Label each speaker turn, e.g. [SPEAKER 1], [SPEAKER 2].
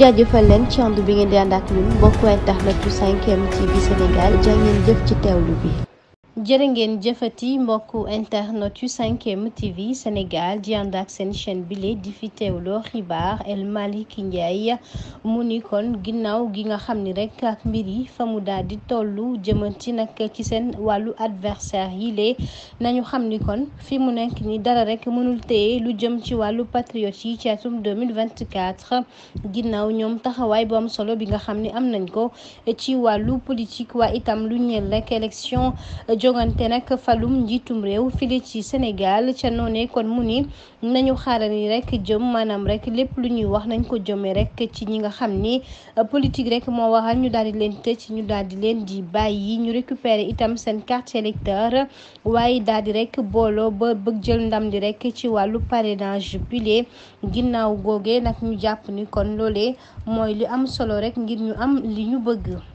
[SPEAKER 1] jaajëfal leen ci ànd bi ngeen di ànd bokk ñun mbokk internet bu ci m TV Sénégal jaa ngeen jëf ci teewlu bi. jërë ngeen jëfati mbokku internet yu 5M TV Sénégal di ànd seen chaîne bile di fi teewloo xibaar El Malick Ndiaye mu ni kon ginnaaw gi nga xam ni rek ak mbir yi fa mu daal di tollu jëmanti nag ci seen wàllu adversaire yi lee nañu xam ni kon fi mu nekk ni dara rek mënul téye lu jëm ci wàllu patriote yi ci atum 2024 ginnaaw ñoom taxawaay bu solo bi nga xam ni am nañ ko ci wàllu politique waa itam lu ñeel rek élection jongante nag falum njiitum réew file ci Sénégal ca noonee kon mu ni nañu yi rek jëm maanaam rek lépp lu ñuy wax nañ ko jëmee rek ci ñi nga xam ni politique rek moo waxal ñu daal di leen tëj ñu daal di leen di bàyyi ñu récupérer itam seen carte électeur waaye daal di rek booloo ba bëgg jël ndam di rek ci wàllu parrainage bile ginnaaw googe nag ñu jàpp ni kon loolee mooy li am solo rek ngir ñu am li ñu bëgg.